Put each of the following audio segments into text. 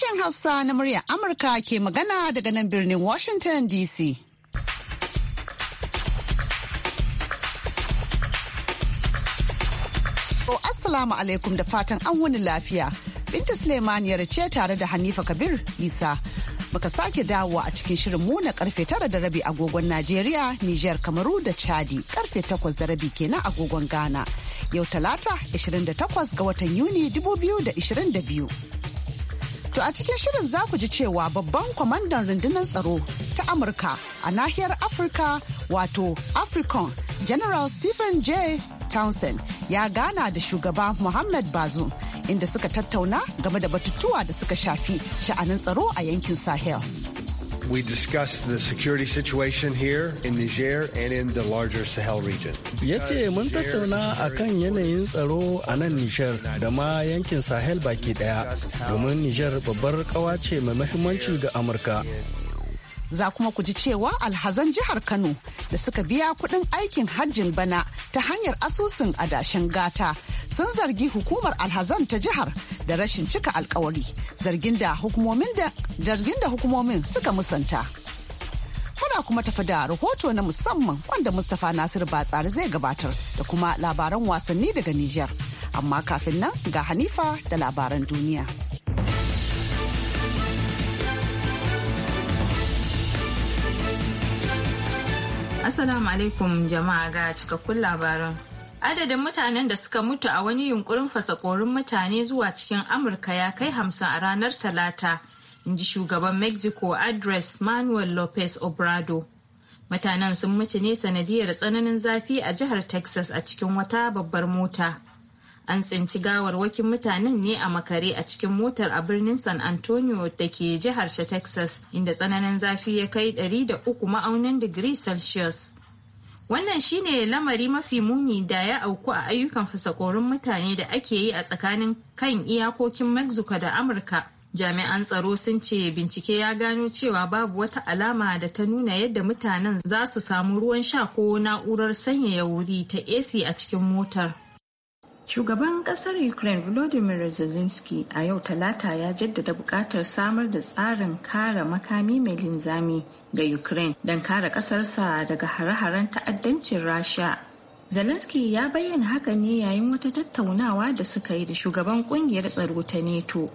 Sashen Hausa na murya Amurka ke magana daga nan birnin Washington DC. Assalamu alaikum da fatan an wani lafiya. Binta Suleimaniyar ce tare da Hanifa Kabir Isa. Muka sake dawowa a cikin shirin mu na karfe tara da rabi agogon Najeriya, Nijar, Kamaru da Chadi karfe takwas da rabi kenan agogon Ghana. Yau talata 28 ga watan Yuni 2022. To a cikin shirin za ku ji cewa babban kwamandan rundunar tsaro ta Amurka a nahiyar Afirka wato african General Stephen J. Townsend ya gana da shugaba Muhammad Bazoum inda suka tattauna game da batutuwa da suka shafi sha'anin tsaro a yankin Sahel. We discussed the security situation here in Niger and in the larger Sahel region. Ya mun tattauna a kan yanayin tsaro a nan Niger da ma yankin Sahel baki daya domin Niger babbar kawa ce mai mahimmanci ga Amurka. Za kuma ku ji cewa alhazan jihar Kano da suka biya kuɗin aikin hajjin bana ta hanyar asusun adashin gata sun zargi hukumar alhazan ta jihar da rashin cika alkawari zargin da hukumomin suka musanta. Muna kuma tafi da rahoto na musamman wanda Mustapha Nasir Batsari zai gabatar da kuma labaran wasanni daga Nijar. Amma kafin nan ga Hanifa da labaran duniya. Assalamu alaikum jama'a ga cikakkun labaran. Adadin mutanen da suka mutu a wani yunkurin fasa korin mutane zuwa cikin Amurka ya kai hamsin a ranar Talata, in ji shugaban Mexico Andres Manuel Lopez Obrado. Mutanen sun mutu ne sanadiyar tsananin zafi a jihar Texas a cikin wata babbar mota. An tsinci gawarwakin mutanen ne a makare a cikin motar a birnin San Antonio da ke jihar Texas, inda tsananin zafi ya kai 300 ma'aunin digiri Celsius. Wannan shine lamari mafi muni da ya auku a ayyukan fasakorin mutane da ake yi a tsakanin kan iyakokin Mexico da Amurka. Jami'an tsaro sun ce bincike ya gano cewa babu wata alama da ta nuna yadda mutanen za su samu ruwan sha ko na'urar sanyaya wuri ta AC a cikin motar. Shugaban kasar Ukraine Volodymyr Zelensky a yau talata ya jaddada bukatar samar da tsarin kare makami mai linzami ga Ukraine don kare ƙasarsa daga hare-haren ta'addancin Rasha. Zelensky ya bayyana haka ne yayin wata tattaunawa da suka yi da shugaban kungiyar tsaro ta NATO.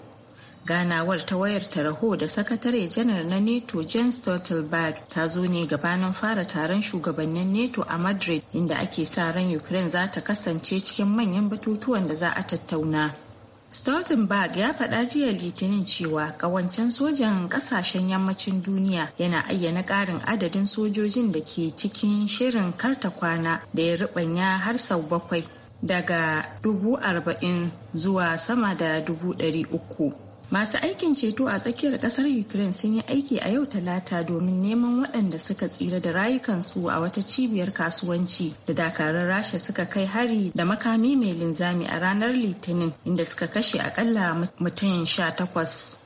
Ganawar ta wayar taraho da sakatare janar na NATO Jens Stoltenberg ta zo ne gabanin fara taron shugabannin NATO a Madrid inda ake sa ran Ukraine za ta kasance cikin manyan batutuwan da za a tattauna. Stoltenberg ya faɗa jiya Litinin cewa kawancen sojan ƙasashen yammacin duniya yana ayyana ƙarin adadin sojojin da ke cikin shirin karta kwana da ya rubanya har sau bakwai daga dubu arba'in zuwa sama da dubu Masu aikin ceto a tsakiyar kasar Ukraine sun yi aiki a yau talata domin neman waɗanda suka tsira da rayukansu a wata cibiyar kasuwanci da dakarun Rasha suka kai hari da makami mai linzami a ranar Litinin inda suka kashe akalla mutum sha takwas.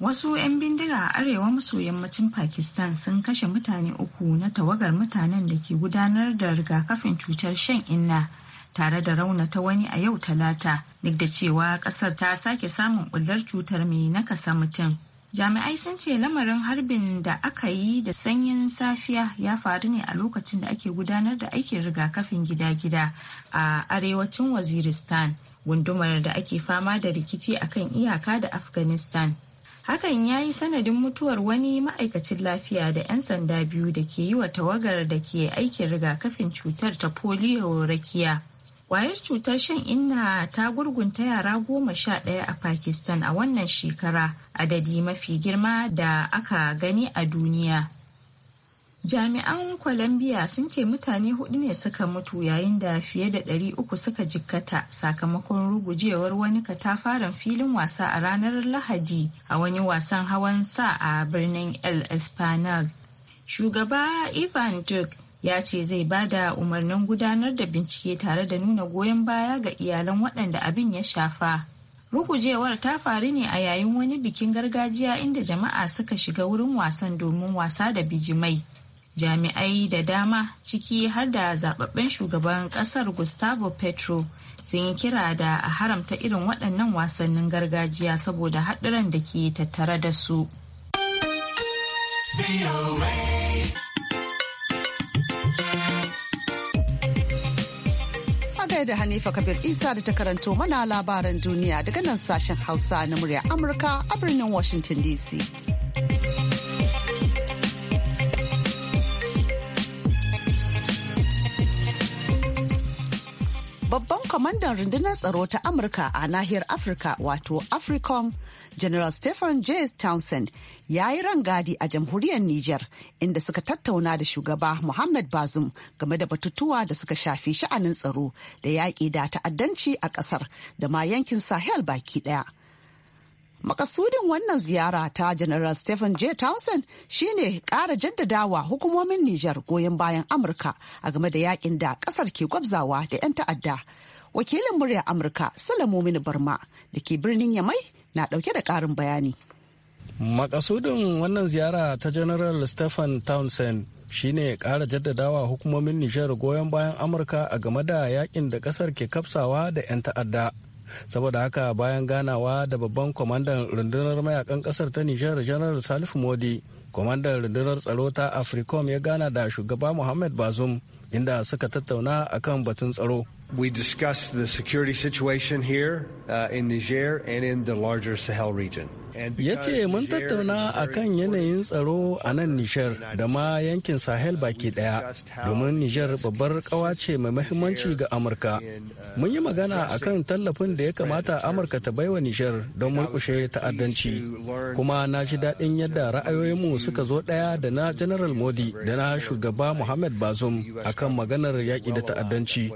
Wasu 'yan bindiga a arewa maso yammacin Pakistan sun kashe mutane uku na tawagar mutanen da ke gudanar da rigakafin cutar shan inna tare da rauna ta wani a yau talata duk da cewa kasar ta sake samun bullar cutar mai nakasa mutum jami'ai sun ce lamarin harbin da aka yi da sanyin safiya ya faru ne a lokacin da ake gudanar da aikin rigakafin gida-gida a arewacin waziristan gundumar da ake fama da rikici akan iyaka da afghanistan hakan ya yi sanadin mutuwar wani ma'aikacin lafiya da 'yan sanda biyu da ke yi wa tawagar da ke aikin rigakafin cutar ta polio rakiya Kwayar cutar shan inna ta gurgunta yara goma sha ɗaya a Pakistan a wannan shekara adadi mafi girma da aka gani a duniya. Jami'an Colombia sun ce mutane hudu ne suka mutu yayin da fiye da ɗari uku suka jikkata sakamakon rugujewar wani katafaren filin wasa a ranar Lahadi a wani wasan hawan sa a birnin El Espanol. Shugaba Ivan Duke ya ce zai ba da umarnin gudanar da bincike tare da nuna goyon baya ga iyalan waɗanda abin ya shafa rukujewar ta faru ne a yayin wani bikin gargajiya inda jama'a suka shiga wurin wasan domin wasa da bijimai jami'ai da dama ciki har da zababben shugaban kasar gustavo petro sun yi kira da a haramta irin waɗannan wasannin gargajiya saboda haɗuran da ke tattare da su. gai da Hanifa Kabir Isa da ta karanto mana labaran duniya daga nan sashen Hausa na murya Amurka a birnin Washington DC. babban kwamandan rundunar tsaro ta amurka a nahiyar afirka wato africom general stephen j townsend ya yi rangadi a jamhuriyar niger inda suka tattauna da shugaba muhammad bazum game da batutuwa da suka shafi sha'anin tsaro da yaƙi da ta'addanci a ƙasar da ma yankin sahel baki ɗaya Makasudin wannan ziyara ta General Stephen J. Townsend shine ƙara jaddadawa hukumomin Nijar goyon bayan Amurka a game da yakin da ƙasar ke gwabzawa da 'yan ta'adda. Wakilin muryar Amurka Salamomin Barma da ke birnin Yamai na ɗauke da ƙarin bayani. Makasudin wannan ziyara ta General Stephen Townsend ne ƙara jaddadawa hukumomin Nijar goyon bayan Amurka a game da yakin da ƙasar ke kafsawa da 'yan ta'adda. saboda haka bayan ganawa da babban kwamandan rundunar mayakan kasar ta nijar janar salif modi kwamandan rundunar tsaro ta africom ya gana da shugaba muhammad bazum inda suka tattauna akan batun tsaro We discussed the security situation here uh, in Niger and in the larger Sahel region. ya ce mun tattauna a kan yanayin tsaro a nan Nijar da ma yankin Sahel uh, baki daya domin Nijar babbar kawa ce mai mahimmanci ga Amurka. Uh, mun yi magana a kan tallafin da ya kamata Amurka ta baiwa Nijar don murkushe ta'addanci. Kuma na ji uh, daɗin yadda ra'ayoyinmu suka zo daya da na General Modi da na shugaba Muhammad a kan maganar yaƙi da ta'addanci.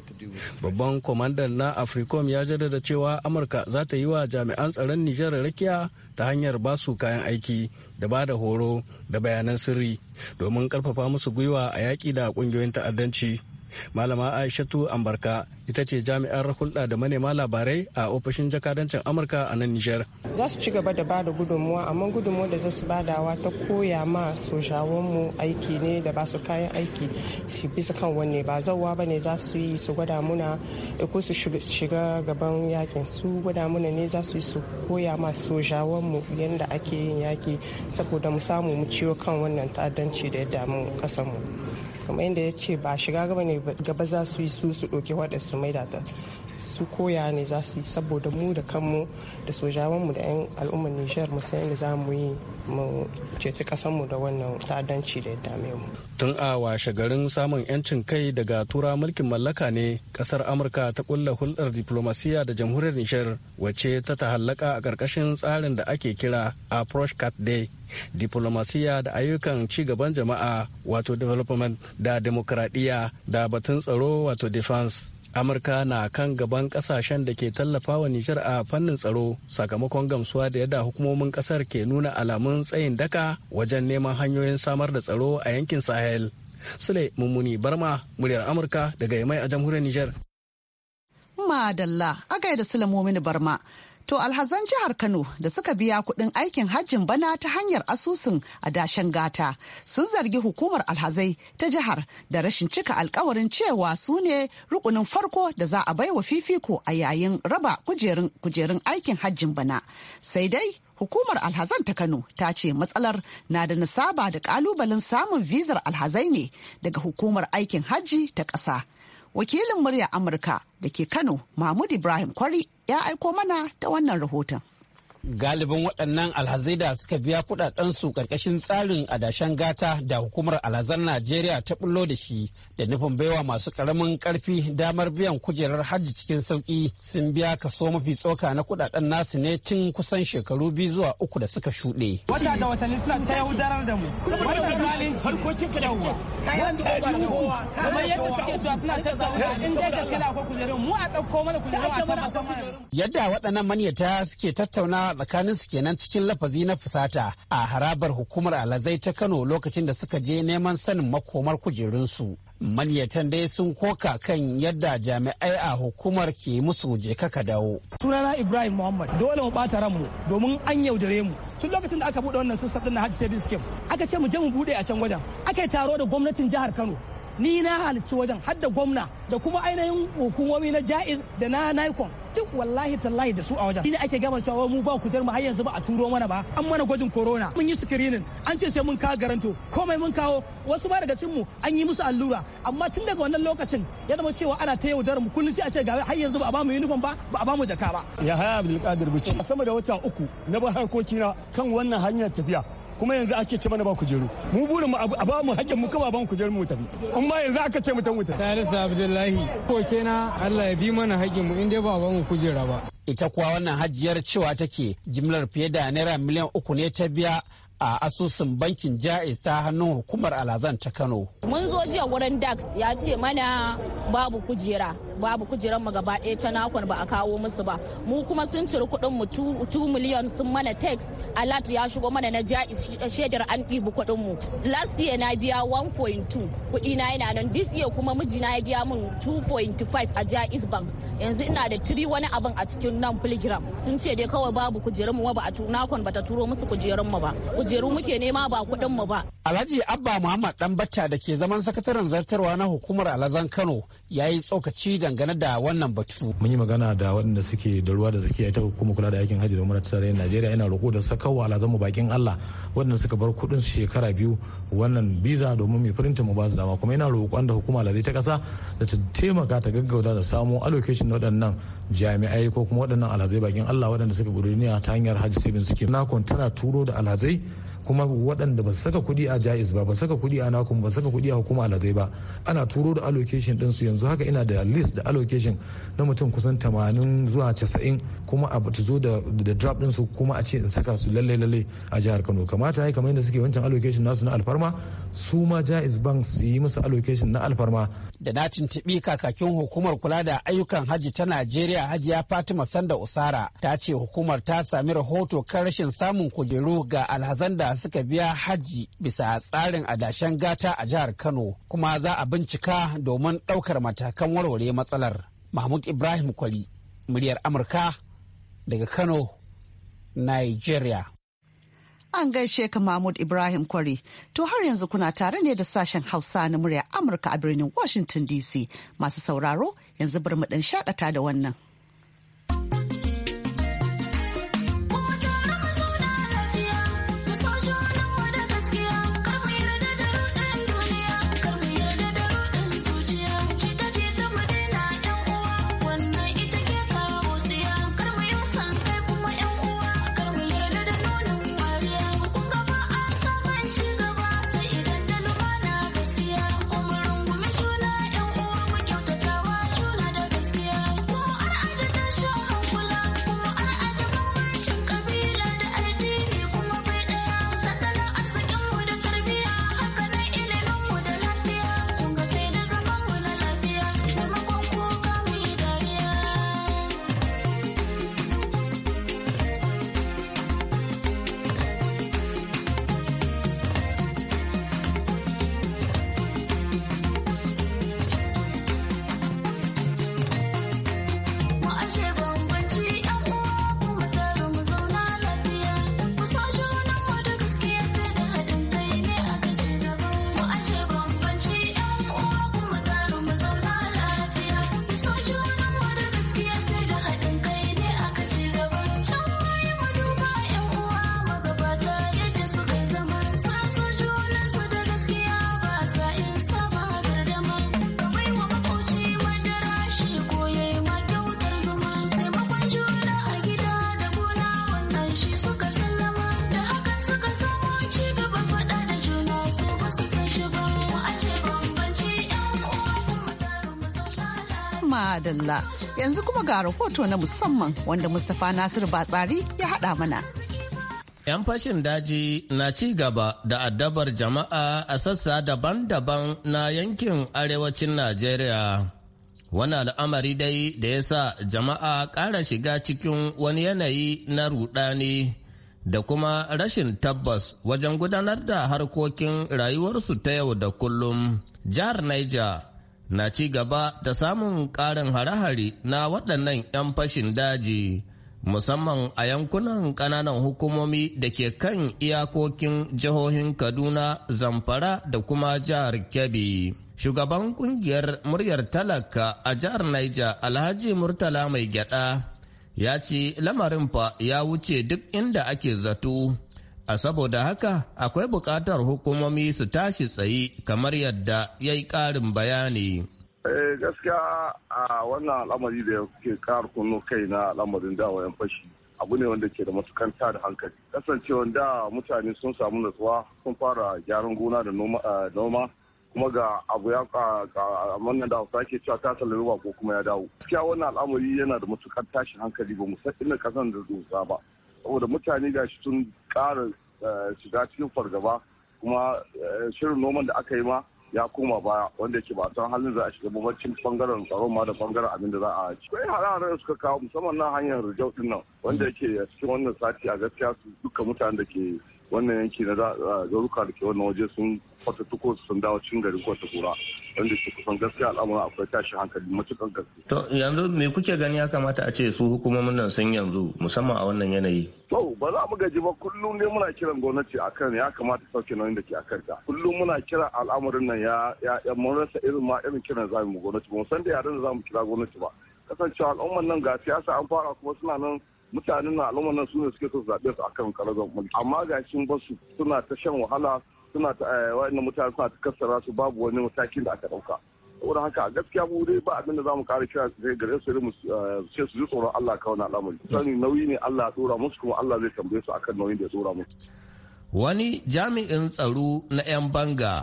Babban kwamandan na Africom ya jaddada cewa Amurka za ta yi wa jami'an tsaron Nijar rakiya ta hanyar ba su kayan aiki da ba da horo da bayanan sirri domin karfafa musu gwiwa a yaƙi da ƙungiyoyin ta'addanci Malama Aishatu Ambarka ita ce jami'ar hulɗa da manema labarai a ofishin jakadancin Amurka a nan Nijar. Za su ci gaba da ba da gudunmuwa amma gudunmuwa da za su badawa ta koya ma sojawanmu aiki ne da ba su kayan aiki shi bisa kan wanne ba zauwa ba ne za su yi su gwada muna eh, ko su shiga gaban yakin su gwada muna ne za su yi su koya ma sojawanmu yadda ake yin yaki saboda mu samu mu ciwo kan wannan ta'addanci da ya damu kasanmu. kamar yadda ya ce ba shiga gaba ne gaba za su yi su su ɗauki waɗa su maida ta su koya ne za su yi saboda mu da kanmu da sojawanmu da 'yan al'ummar nijar mu yadda za mu yi mu ceci kasanmu da wannan ta'addanci da ya dame mu tun a washe garin samun 'yancin kai daga tura mulkin mallaka ne kasar amurka ta kulla hulɗar diplomasiya da jamhuriyar nijar wacce ta tahallaka a ƙarƙashin tsarin da ake kira approach cat day diplomasiya da ayyukan ci gaban jama'a wato development da demokradiyya da batun tsaro wato defense amurka na kan gaban kasashen da ke tallafawa nijar a fannin tsaro sakamakon gamsuwa da yadda hukumomin kasar ke nuna alamun tsayin daka wajen neman hanyoyin samar da tsaro a yankin sahel sule mummuni barma muryar amurka daga yamai a jamhuriyar nijar madalla a gaida sule mummuni barma To alhazan jihar Kano da suka biya kuɗin aikin hajjin bana ta hanyar asusun a dashen gata sun zargi hukumar alhazai ta jihar da rashin cika alkawarin cewa su ne rukunin farko da za a baiwa fifiko a yayin raba kujerun aikin hajjin bana. Sai dai hukumar alhazan ta kano ta ce matsalar na da nasaba da kalubalen samun vizar alhazai ne daga hukumar aikin hajji ta ƙasa wakilin murya amurka da ke kano mahmud ibrahim kwari ya aiko mana ta wannan rahoton. galibin waɗannan alhazai da suka biya kuɗaɗensu ƙarƙashin tsarin adashen gata da hukumar alhazan najeriya ta bullo da shi da nufin baiwa masu ƙaramin ƙarfi damar biyan kujerar hajji cikin sauƙi sun biya kaso mafi tsoka na kudaden nasu ne tun kusan shekaru biyu zuwa uku da suka shuɗe. wata da watanni suna ta yaudarar da mu wata zalunci kamar yadda suke cewa suna ta zauna in dai gaskiya ko kujerun mu a ɗauko mana kujerun a tabbatar mana. yadda waɗannan manyata suke tattauna tsakanin su kenan cikin lafazi na fusata a harabar hukumar alazai ta Kano lokacin da suka je neman sanin makomar kujerunsu. Maniyatan dai sun koka kan yadda jami'ai a hukumar ke musu je kaka dawo. sunana ibrahim muhammad dole mu bata ranmu domin an yaudare mu tun lokacin da aka buɗe wannan sassaɓin na hajji service aka ce mu je mu buɗe a can wajen aka yi taro da gwamnatin jihar kano ni na halarci wajen hadda gwamna da kuma ainihin hukumomi na jaiz da na nikon duk wallahi tallahi da su a wajen ne ake gaban cewa mu ba ku mu har yanzu ba a turo mana ba an mana gwajin corona mun yi screening an ce sai mun ka garanto komai mun kawo wasu ma daga cikin mu an yi musu allura amma tun daga wannan lokacin ya zama cewa ana ta yau mu kullum sai a ce ga har yanzu ba a ba mu uniform ba ba a ba mu jaka ba ya haya abdulkadir bici sama da wata uku na ba harkokina kan wannan hanyar tafiya kuma yanzu ake ce mana ba kujeru mu burin mu a ba mu hakkin mu kuma ban kujeru mu tafi in ma yanzu aka ce mu tafi Salisu Abdullahi ko kena Allah ya bi mana hakkin mu in dai ba ba mu kujera ba ita kuwa wannan hajjiyar cewa take jimlar fiye da naira miliyan uku ne ta biya a asusun bankin jais ta hannun hukumar alazan ta kano mun zo jiya wurin dax ya ce mana babu kujera babu kujerar mu gaba ɗaya ta nakon ba a kawo musu ba mu kuma sun ciri kuɗin mu 2 miliyan sun mana tax alat ya shigo mana na jais shaidar an ɗibi kuɗin mu last year na biya 1.2 kuɗi na yana nan this year kuma mijina ya biya mun 2.5 a jais bank yanzu ina da 3 wani abin a cikin nan filigram sun ce dai kawai babu kujerun mu ba a nakon ba ta turo musu kujerun mu ba kujeru muke nema ba kuɗin mu ba alhaji abba muhammad dan bacca da ke zaman sakataren zartarwa na hukumar alazan kano yayi tsokaci da dangane da wannan batu. Mun yi magana da waɗanda suke da ruwa da tsakiya ita kuma kula da aikin hajji da umar tarayyar Najeriya yana roƙo da sakawa alazan mu bakin Allah waɗanda suka bar kuɗin shekara biyu wannan biza domin mai firinta mu ba su dama kuma yana roƙon da hukuma alazai ta ƙasa da ta taimaka ta gaggauta da samo allocation waɗannan jami'ai ko kuma waɗannan alhazai bakin Allah waɗanda suka gudu duniya ta hanyar hajji sai suke. Nakon tana turo da alhazai kuma waɗanda ba saka kuɗi a jaiz ba ba saka kuɗi a nakum ba saka kuɗi a hukuma alazai ba ana turo da allocation din su yanzu haka ina da list da allocation na mutum kusan 80 zuwa casa'in kuma a zo da da draft din su kuma a ce in saka su lalle lalle a jihar Kano kamata ya kamar yadda suke wancan allocation nasu na alfarma su ma jaiz bank su yi musu allocation na alfarma da na tuntubi kakakin hukumar kula da ayyukan hajji ta Najeriya Hajiya Fatima Sanda Usara ta ce hukumar ta sami rahoto kan rashin samun kujeru ga alhazan da suka biya hajji bisa tsarin adashen gata a jihar Kano kuma za a bincika domin ɗaukar matakan warware matsalar. Mahmud Ibrahim Kwali, muryar Amurka daga Kano, Nigeria. An gaishe ka Mahmud Ibrahim Kwari. To har yanzu kuna tare ne da sashen Hausa na murya Amurka a birnin Washington DC. Masu sauraro yanzu bari mu dan shakata da wannan. Madalla. Yanzu kuma ga rahoto na musamman wanda Mustapha Nasir Batsari ya haɗa mana. 'Yan fashin daji na ci gaba da addabar jama'a a sassa daban-daban na yankin arewacin Najeriya. Wani al'amari dai da ya sa jama'a ƙara shiga cikin wani yanayi na rudani da kuma rashin tabbas wajen gudanar da harkokin rayuwarsu ta yau da kullum. Jihar Niger na ci gaba da samun ƙarin hare-hare na waɗannan 'yan fashin daji musamman a yankunan ƙananan hukumomi da ke kan iyakokin jihohin kaduna zamfara da kuma jihar kebbi. shugaban ƙungiyar muryar talaka a jihar Niger Alhaji Murtala mai gyada ya ce lamarin fa ya wuce duk inda ake zato A saboda haka akwai buƙatar hukumomi su tashi tsaye kamar yadda ya yi ƙarin bayani. Eh, gaskiya a wannan al'amari da ke ƙar kunno kai na al'amarin 'yan fashi abu ne wanda ke da matukan da hankali kasancewar da mutane sun samu natsuwa sun fara gyaran gona da noma eh, kuma ga abu ya wannan da hausa ke cewa ta tsalle ko kuma ya dawo gaskiya wannan al'amari yana da matukan tashin hankali ba mu san kasan da zuwa ba saboda mutane ga shi sun ƙara eh, shiga cikin fargaba kuma eh, shirin noman da aka yi ma ya koma baya wanda yake ba san halin za a shiga bambancin bangaren tsaron ma da bangaren abin da za a ci. Kai hare-hare suka kawo musamman na hanyar rijau din nan wanda yake cikin wannan sati a gaskiya su duka mutanen da ke wannan yanki na zaruka da ke wannan waje sun kwatattuko sun dawo cin garin kura wanda su kusan gaskiya al'amuran akwai tashi hankali matukan gaske. to yanzu me kuke gani ya kamata a ce su hukumomin nan sun yanzu musamman a wannan yanayi. to ba za mu gaji ba kullum ne muna kiran gwamnati a kan ya kamata sauke nauyin da ke a ta kullum muna kira al'amarin nan ya ya mun rasa irin ma irin kiran za mu gwamnati ba mu san da yaran da za mu kira gwamnati ba kasancewa al'umman nan ga siyasa an fara kuma suna nan mutanen na al'umma nan su ne suke son zaɓe su akan karagar mulki amma ga shi ba su suna ta shan wahala suna ta eh, wa'annan mutane suna ta kassara su babu wani matakin da aka ɗauka saboda haka gaskiya mu dai ba abin da zamu kara kira sai gare su mu ce eh, su ji tsoron Allah ka wani al'amari sani nauyi ne Allah ya tsora musu kuma Allah zai tambaye su akan nauyin da ya tsora musu wani jami'in tsaro na 'yan banga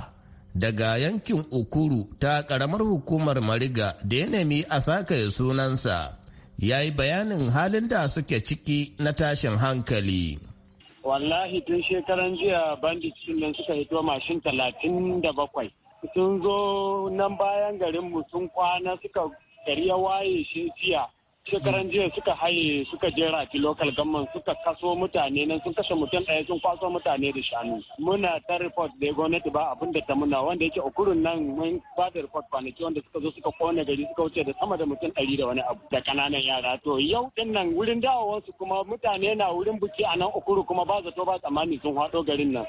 daga yankin ukuru ta karamar hukumar mariga da ya nemi a sakaye sunansa ya yi bayanin halin da suke ciki na tashin hankali. Wallahi tun shekaran jiya cikin nan suka hito mashin talatin da bakwai. Sun zo nan bayan garinmu sun kwana suka gari waye shi jiya shekaran jiya suka haye suka je ki local government suka kaso mutane nan sun kashe mutum ɗaya sun kwaso mutane da shanu muna ta report da gwamnati ba abin da ta muna wanda yake ukurun nan mun ba da report kwanaki wanda suka zo suka kone gari suka wuce da sama da mutum ɗari da wani abu da kananan yara to yau din nan wurin dawowansu kuma mutane na wurin buki a nan ukuru kuma ba zato ba tsammani sun haɗo garin nan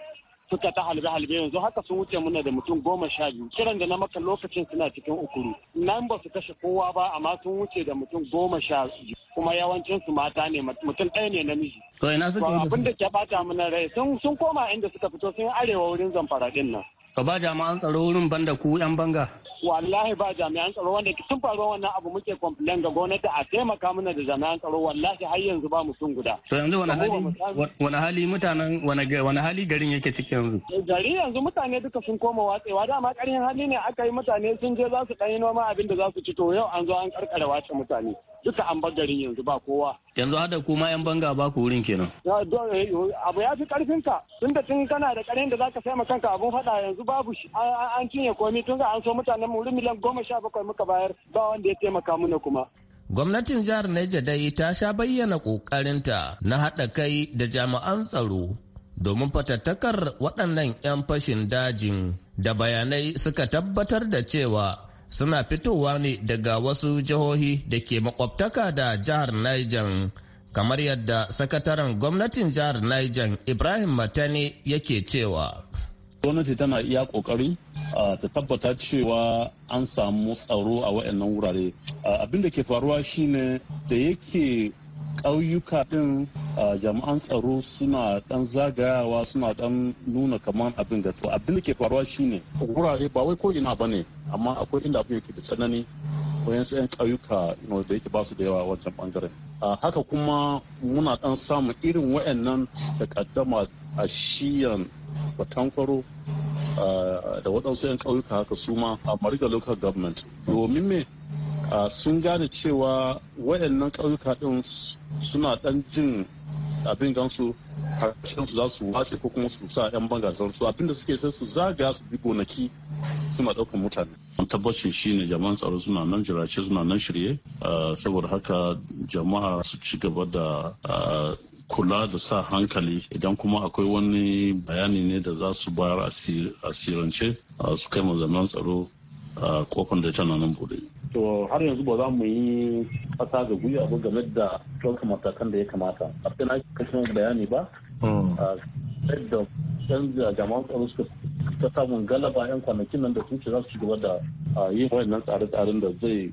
suka ta halbe-halbe yanzu haka sun wuce muna da mutum goma sha biyu kiran da na maka lokacin suna cikin ukuru nan ba su kashe kowa ba amma sun wuce da mutum goma sha biyu kuma yawancin su mata ne mutum ɗaya ne namiji to ina abin da ke bata mana rai sun koma inda suka fito sun arewa wurin zamfara din nan Ka ba jami'an tsaro wurin banda ku 'yan banga. Wallahi ba jami'an tsaro wanda tun faruwar wannan abu muke complain ga gwamnati a taimaka mana da jami'an tsaro wallahi har yanzu ba mutum guda. To yanzu wani hali wani hali mutanen wani hali garin yake ciki yanzu. Eh, gari yanzu mutane duka sun koma watsewa dama karin hali ne aka yi mutane sun je za su ɗan yi noma abin da za su ci to yau an zo an karkara wace mutane. duka an bar garin yanzu ba kowa. Yanzu haɗa kuma yan banga ba ku wurin kenan. Eh, abu ya fi ƙarfin ka tun da tun kana da karin da zaka sai kanka abun faɗa, yanzu babu shi an cinye komai tun ga an so mutanen mu miliyan goma sha bakwai muka bayar ba wanda ya taimaka mana kuma. Gwamnatin jihar Niger dai ta sha bayyana ƙoƙarinta na haɗa kai da jami'an tsaro domin fatattakar waɗannan 'yan fashin dajin da bayanai suka tabbatar da cewa suna fitowa ne daga wasu jihohi da ke makwabtaka da jihar Niger. kamar yadda sakataren gwamnatin jihar Niger Ibrahim Matani yake cewa. Gwamnati tana iya kokari ta tabbata cewa an samu tsaro a waɗannan wurare. Abin da ke faruwa shine da yake ƙauyuka ɗin jami'an tsaro suna ɗan zagayawa suna ɗan nuna kamar abin da to abin da ke faruwa shine wurare ba wai ko ina ba ne amma akwai inda abu yake da tsanani wayansu 'yan ƙauyuka da yake su da yawa wancan bangaren ah, haka kuma muna dan samun irin wayannan da kaddama a shiyan batankwaro ah, da waɗansu 'yan ƙauyuka haka su ma a marigar local government domin me ah, sun gane cewa wayannan ƙauyuka ɗin suna dan jin abin gan su harshen su za su wace ko kuma su sa yan banga su abinda da suke sai su zaga su bi gonaki su ma daukan mutane. tabbacin ne jama'an tsaro suna nan jirace suna nan shirye saboda haka jama'a su ci gaba da kula da sa hankali idan kuma akwai wani bayani ne da za su bayar asirance su kai zaman tsaro kofar da can nan bude. To har yanzu ba za mu yi kasa ga gwiwa ba game da ɗauka matakan da ya kamata. A cikin yi kashin bayani ba. Mm. Yadda yan jama'an tsaro suka ta samun galaba yan kwanakin nan da sun ce za su ci gaba da yin wayannan tsare-tsaren da zai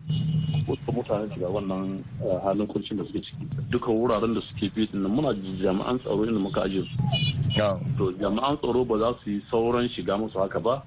wasu mutane shiga wannan halin kurcin da suke ciki duka wuraren da suke bi din muna jami'an tsaro inda muka ajiye su to jami'an tsaro ba za su yi sauran shiga musu haka ba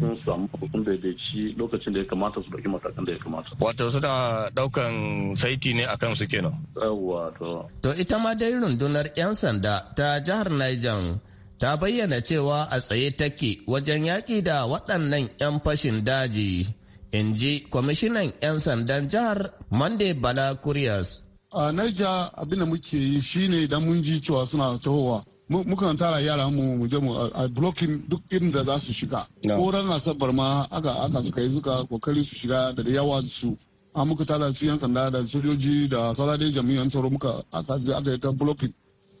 sun samu hukun daidaici lokacin da ya kamata su dauki matakan da ya kamata. Wato suna daukan saiti ne akan su kenan. Yawwa to. To ita ma dai rundunar 'yan sanda ta jihar Niger ta bayyana cewa a tsaye take wajen yaƙi da waɗannan 'yan fashin daji. In ji kwamishinan 'yan sandan jihar Monday Bala Kuriyas. A Niger abin da muke yi shine idan mun ji cewa suna tahowa mukan tara yara mu mu je mu a blocking duk inda za su shiga ko ran asabar ma aka aka suka yi suka kokari su shiga da yawa su A muka tara su yan sanda da sojoji da sauran jami'an tsaro muka aka je aka yi ta blocking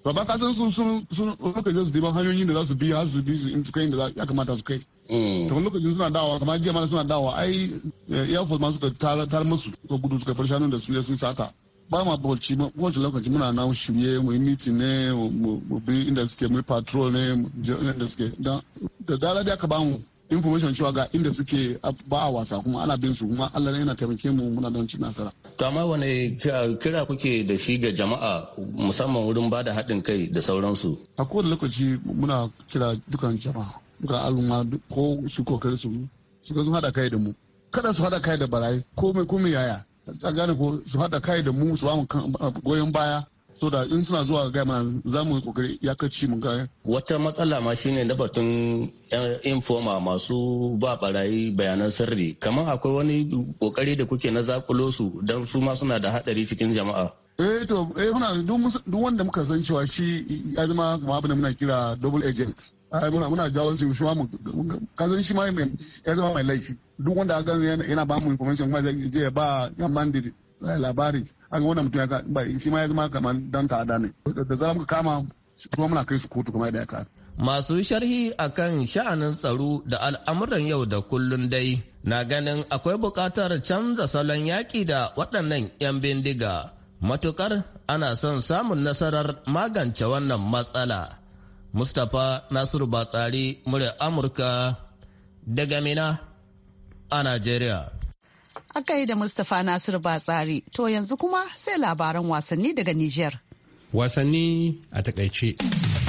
ba ba kasan sun sun sun lokacin da su diban hanyoyin da za su bi har su bi su in su kai da ya kamata su kai mm. to lokacin suna dawa kamar jiya ma suna dawa ai eh, airport ma suka tar musu ko gudu suka far da su ya sun sata ba ma bauchi kowace lokaci muna nan shirye mu yi mitin ne mu bi inda suke mu yi patrol ne inda suke da dala da aka ba mu information cewa ga inda suke ba a wasa kuma ana bin su kuma Allah yana taimake mu muna don ci nasara. To amma wane kira kuke da shi ga jama'a musamman wurin ba da haɗin kai da sauransu? A kowane lokaci muna kira dukan jama'a dukan al'umma ko su kokari su suka sun haɗa kai da mu. Kada su haɗa kai da barayi komai komai yaya ta gane ko su hada kai da mu su ba mu goyon baya so da in suna zuwa ga gama za mu kokari ya kaci mu ga wata matsala ma shine na batun informa masu ba barayi bayanan sirri kamar akwai wani kokari da kuke na zakulo su don su ma suna da hadari cikin jama'a eh to eh muna duk wanda muka san cewa shi ya zama kuma abin da muna kira double agent eh, muna muna jawo shi shi ma ka san shi ma ya zama mai laifi duk wanda aka gani yana ba mu information kuma zai je ba yan da labari an ga wannan mutum ya ba shi ma ya zama kamar dan ta'ada ne da za mu kama kuma muna kai su kotu kuma da ka masu sharhi akan sha'anin tsaro da al'amuran yau da kullun dai na ganin akwai buƙatar canza salon yaƙi da waɗannan 'yan bindiga matukar ana son samun nasarar magance wannan matsala. Mustapha Nasiru Batsari murya Amurka daga Mina a Najeriya. Aka yi da Mustapha Nasiru Batsari to yanzu kuma sai labaran wasanni daga Nijar. Wasanni a takaice.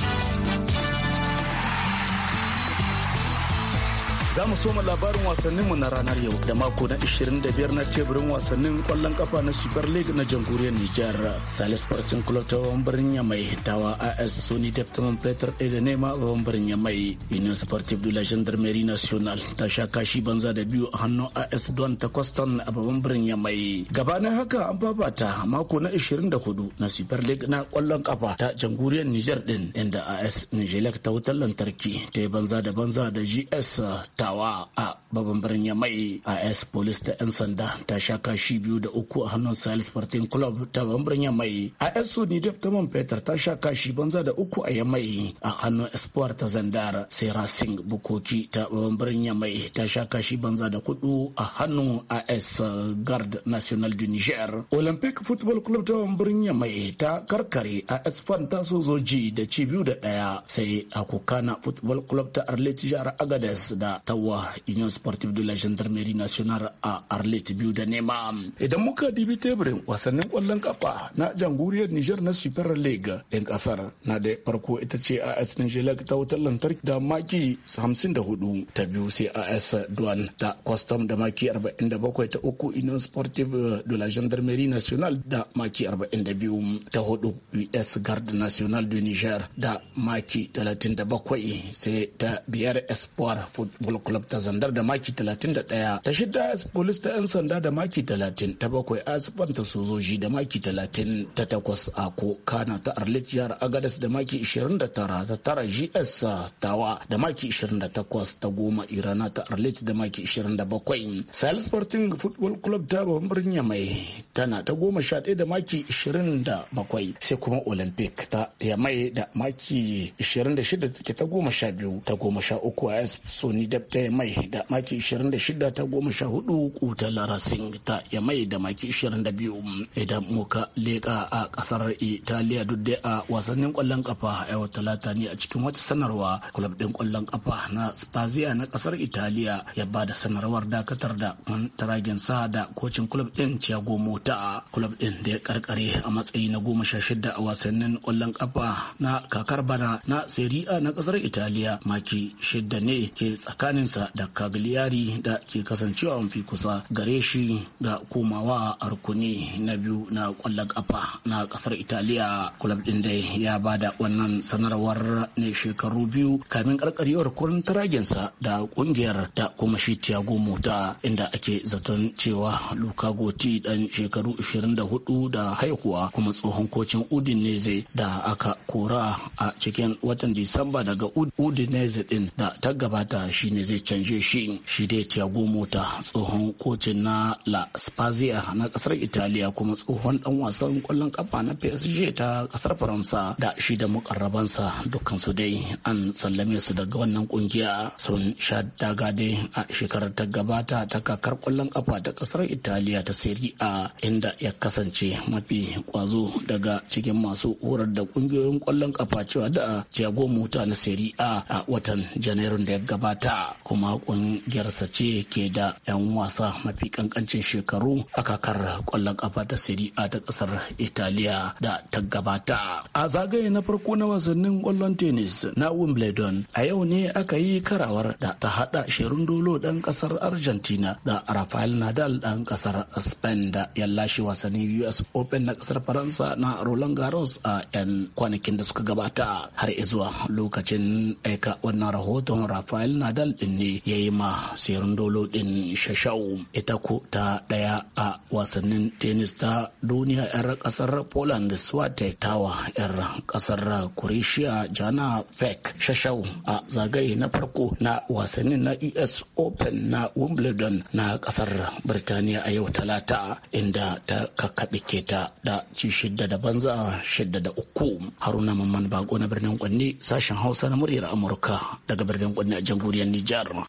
Za mu soma labarin wasannin mu na ranar yau da mako na 25 na teburin wasannin kwallon kafa na Super League na jamhuriyar Nijar. Salis Farcin Kulotawan birnin Yamai, Tawa AS Sony Deptaman Peter da Nema babban birnin Yamai. Union Sportive de la Gendarmerie Nationale ta sha kashi banza da biyu a hannun AS Don ta Kwaston a babban birnin Yamai. Gabanin haka an babata mako na 24 na Super League na kwallon kafa ta jamhuriyar Nijar din inda AS Nijelek ta wutar lantarki ta yi banza da banza da GS tawa a babban birnin yamai a s police ta 'yan sanda ta sha kashi biyu da uku a hannun sahel sporting club ta babban birnin mai a s ni ta man peter ta sha kashi banza da uku a yamai a hannun espoir ta zandar sai racing bukoki ta babban birnin mai ta sha kashi banza da kudu a hannun as guard national du niger olympic football club ta babban birnin yamai ta karkare S fan ta sojoji da ci biyu da daya sai a kokana football club ta arlet jihar agades da wa union sportive de la gendarmerie nationale a arlet biyu da nema idan muka dibi teburin wasannin kwallon kafa na jamhuriyar niger na super league din kasar na da farko ita ce as nigelag ta wutar lantarki da maki 54 ta biyu sai as duan ta custom da maki 47 ta uku union sportive de la gendarmerie nationale da maki 42 ta hudu us guard national de niger da maki 37 sai ta biyar espoir football club ta zandar da maki 31 ta shida as police ta 'yan sanda da maki 30 ta bakwai as ta sojoji da maki 30 ta takwas a ko kana ta arlit jihar agadas da maki 29 ta tara gs tawa da maki 28 ta goma irana ta arlit da maki 27 sahel sporting football club ta babban birnin mai tana ta goma sha ɗaya da maki 27 sai kuma olympic ta yamai da maki 26 take ta goma sha biyu ta goma sha uku a soni da ta mai da maki 26 ta 14 kutar larasin ta mai da maki 22 idan muka leka a kasar italiya duk da a wasannin kwallon kafa a yau talata ne a cikin wata sanarwa kulab din kwallon kafa na spazia na kasar italiya ya ba da sanarwar dakatar da taragen sa da kocin kulab din thiago mota Kulob din da ya karkare a matsayi na goma sha shida a wasannin kwallon kafa na kakar bana na serie a na kasar italiya maki shida ne ke tsakanin tsakaninsa da kagliari da ke kasancewa mafi kusa gare shi ga komawa a rukuni na biyu na kwallon kafa na kasar italiya kulab din dai ya ba da wannan sanarwar ne shekaru biyu kamin karkarewar kurin taragensa da kungiyar da kuma shi tiago mota inda ake zaton cewa luka goti dan shekaru 24 da haihuwa kuma tsohon kocin udinese da aka kora a cikin watan disamba daga udinese din da ta gabata shine zai canje shi shi dai tiago Mota tsohon kocin na La spazia na kasar Italiya kuma tsohon dan wasan kwallon kafa na PSG ta kasar Faransa da shi da mukarrabansa dukkan su dai an sallame su daga wannan kungiya sun sha daga dai a shekarar ta gabata ta kakar kwallon kafa ta kasar Italiya ta Serie A inda ya kasance mafi kwazo daga cikin masu horar da kungiyoyin kwallon kafa cewa da tiago Mota na Serie A a watan Janairun da ya gabata kuma ƙungiyarsa ce ke da 'yan wasa mafi kankancin shekaru a kakar ƙwallon ƙafa ta Serie A ta ƙasar Italiya da ta gabata. A zagaye na farko na wasannin kwallon tennis na Wimbledon a yau ne aka yi karawar da ta haɗa shirin Dolo ɗan ƙasar Argentina da Rafael Nadal ɗan ƙasar Spain da ya lashe wasannin US Open na ƙasar Faransa na Roland Garros a 'yan kwanakin da suka gabata har zuwa lokacin aika wannan rahoton Rafael Nadal ɗin ne ya yi ma sayan dolo ɗin shashau ita ko ta ɗaya a wasannin tennis ta duniya 'yar ƙasar Poland swate tawa 'yar ƙasar Croatia Jana Fek shashau a zagaye na farko na wasannin na US e Open na Wimbledon na ƙasar Birtaniya a yau talata inda ta kakkaɓe keta da ci shidda da banza shidda da uku haruna mamman bako na birnin kwanne sashen hausa na muryar amurka daga birnin kwanne a jamhuriyar nijar jihar.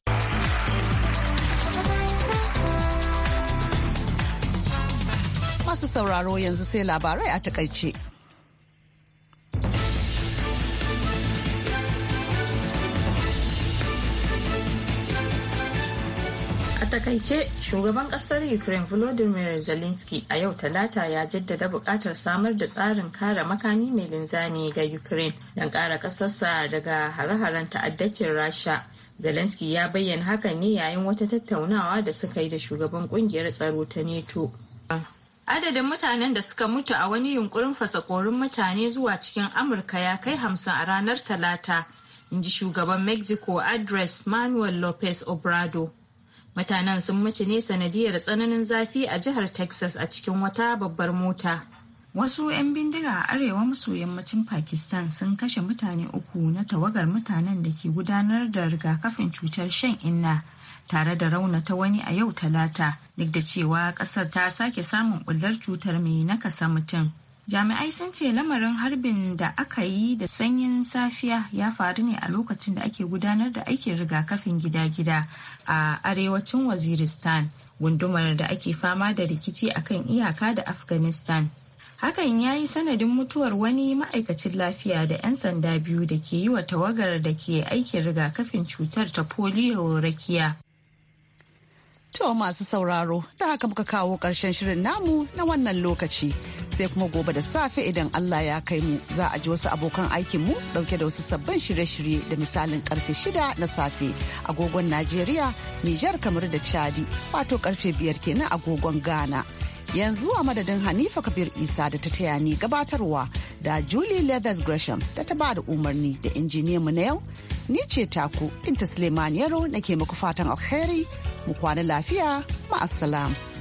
Masu sauraro yanzu sai labarai a takaice. takaice shugaban kasar ukraine volodymyr zelensky a yau talata ya jaddada buƙatar samar da tsarin kare makami mai linzami ga ukraine don ƙara ƙasarsa daga hare-haren ta'addacin rasha Zelensky ya bayyana hakan ne yayin wata tattaunawa da suka yi da shugaban kungiyar tsaro ta NATO. Adadin mutanen da suka mutu a wani yunkurin fasa korin mutane zuwa cikin Amurka ya kai hamsin a ranar Talata, in ji shugaban Mexico Andres Manuel Lopez Obrado. Mutanen sun mutu ne sanadiyar tsananin zafi a jihar Texas a cikin wata babbar mota. wasu 'yan bindiga a arewa maso yammacin pakistan sun kashe mutane uku na tawagar mutanen da ke gudanar da rigakafin cutar shan inna tare da raunata wani a yau talata duk da cewa kasar ta sake samun bullar cutar mai nakasa mutum jami'ai sun ce lamarin harbin da aka yi da sanyin safiya ya faru ne a lokacin da ake gudanar da aikin rigakafin gida-gida a arewacin waziristan gundumar da ake fama da rikici akan iyaka da afghanistan hakan ya yi sanadin mutuwar wani ma'aikacin lafiya da 'yan sanda biyu da ke yi wa tawagar da ke aikin rigakafin cutar ta polio rakiya To masu sauraro da haka muka kawo ƙarshen shirin namu na wannan lokaci sai kuma gobe da safe idan Allah ya kai mu za a ji wasu abokan aikin mu dauke da wasu sabbin shirye-shirye da misalin karfe shida na safe agogon Najeriya, Nijar kamar da Chadi wato karfe biyar kenan agogon Ghana. yanzu a madadin hanifa kabir isa da ta taya ni gabatarwa da julie leathers gresham da ta ba da umarni da mu na yau ni ce taku binta suleiman yaro ke muku fatan alheri mu kwana lafiya ma'asalam.